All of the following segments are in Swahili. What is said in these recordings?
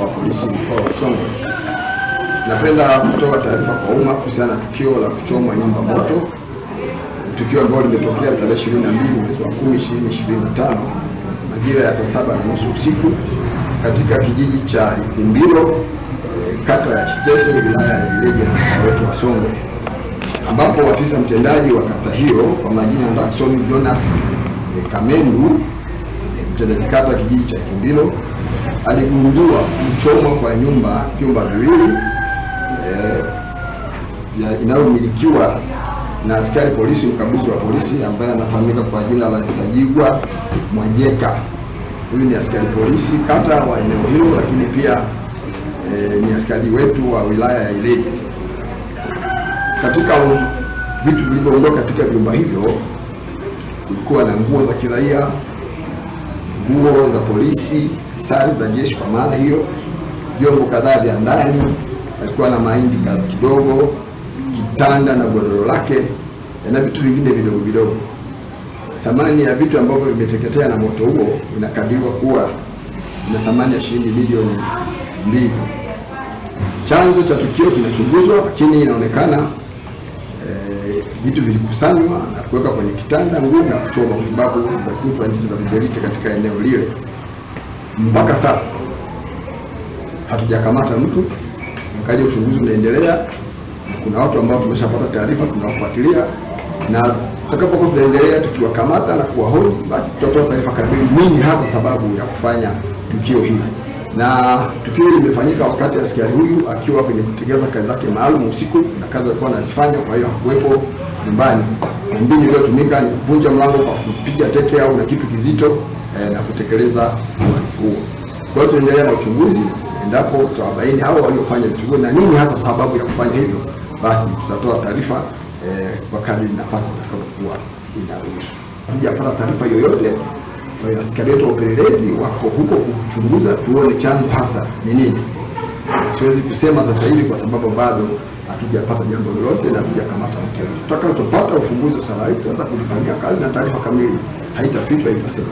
wa polisi mkoa wa Songwe, napenda kutoa taarifa kwa umma kuhusiana na tukio la kuchomwa nyumba moto, tukio ambalo limetokea tarehe 22 mwezi wa 10 2025 majira ya saa saba na nusu usiku katika kijiji cha Ikumbilo eh, kata ya Chitete wilaya ya Ileje na mkoa wetu wa Songwe, ambapo afisa mtendaji wa kata hiyo kwa majina Jackson Jonas eh, Kamendu, mtendaji kata kijiji cha Ikumbilo aligundua mchomo kwa nyumba vyumba viwili eh, inayomilikiwa na askari polisi mkaguzi wa polisi ambaye anafahamika kwa jina la Nsajigwa Mwajeka. Huyu ni askari polisi kata wa eneo hilo, lakini pia eh, ni askari wetu wa wilaya ya Ileje. Katika vitu vilivyoondoka katika vyumba hivyo kulikuwa na nguo za kiraia nguo za polisi, sare za jeshi. Kwa maana hiyo, vyombo kadhaa vya ndani, alikuwa na mahindi kidogo, kitanda na godoro lake na vitu vingine vidogo vidogo. Thamani ya vitu ambavyo vimeteketea na moto huo inakadiriwa kuwa na thamani ya shilingi milioni mbili. Chanzo cha tukio kinachunguzwa, lakini inaonekana Eh, vitu e, vilikusanywa na kuweka kwenye kitanda nguo na kuchoma, kwa sababu zitakutwa nchi za mijelite katika eneo lile. Mpaka sasa hatujakamata mtu, mkaja uchunguzi unaendelea, na kuna watu ambao tumeshapata taarifa, tunawafuatilia na tutakapokuwa tunaendelea tukiwakamata na kuwahoji, basi tutatoa taarifa kamili, nini hasa sababu ya kufanya tukio hili na tukio limefanyika wakati askari huyu akiwa kwenye kutekeleza kazi zake maalum usiku, na kazi alikuwa anazifanya, kwa hiyo hakuwepo nyumbani. Mbinu iliyotumika ni kuvunja mlango kwa kupiga teke au na kitu kizito eh, na kutekeleza uhalifu huo. Kwa hiyo tunaendelea na uchunguzi, endapo tutawabaini hao waliofanya vitu na nini hasa sababu ya kufanya hivyo, basi tutatoa taarifa eh, kwa kadri nafasi itakayokuwa inaruhusu. Hatujapata taarifa yoyote kwa askari wetu wa upelelezi wako huko kuchunguza, tuone chanzo hasa ni nini. Siwezi kusema sasa hivi kwa sababu bado hatujapata jambo lolote na hatujakamata mtu yoyote. Tutakapopata ufunguzi wa swala hili tutaanza kulifanyia kazi na taarifa kamili haitafichwa, haitasema.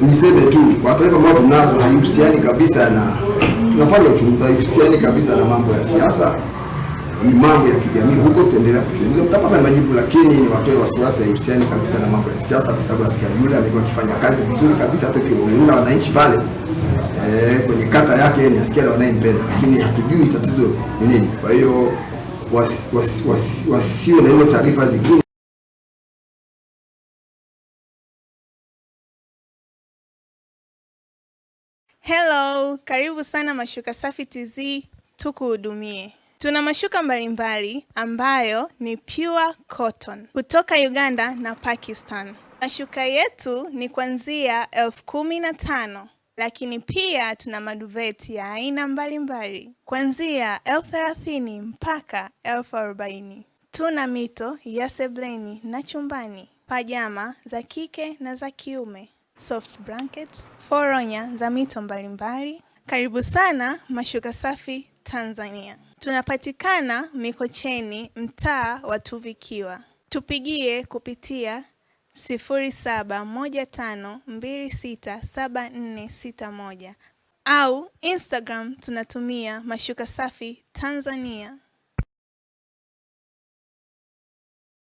Niseme tu kwa taarifa ambazo tunazo haihusiani kabisa na tunafanya uchunguzi, haihusiani kabisa na mambo ya siasa ni mambo ya kijamii huko, tutaendelea kuchunguza, tutapata majibu, lakini ni watoe wasiwasi yahusiani kabisa na mambo ya siasa, kwa sababu Askofu yule amekuwa akifanya kazi vizuri kabisa, hata kiwaula wananchi pale eh, kwenye kata yake ni askari wanayempenda, lakini hatujui tatizo ni nini. Kwa hiyo wasiwe was, was, was, na hizo taarifa zingine Hello, karibu sana Mashuka Safi TZ, tukuhudumie. Tuna mashuka mbalimbali ambayo ni pure cotton kutoka Uganda na Pakistan. Mashuka yetu ni kuanzia elfu kumi na tano lakini pia tuna maduveti ya aina mbalimbali kuanzia elfu thelathini mpaka elfu arobaini. Tuna mito ya sebleni na chumbani, pajama za kike na za kiume, soft blankets, foronya za mito mbalimbali. Karibu sana Mashuka Safi Tanzania. Tunapatikana Mikocheni, mtaa wa Tuvikiwa. Tupigie kupitia 0715267461 au Instagram tunatumia Mashuka Safi Tanzania.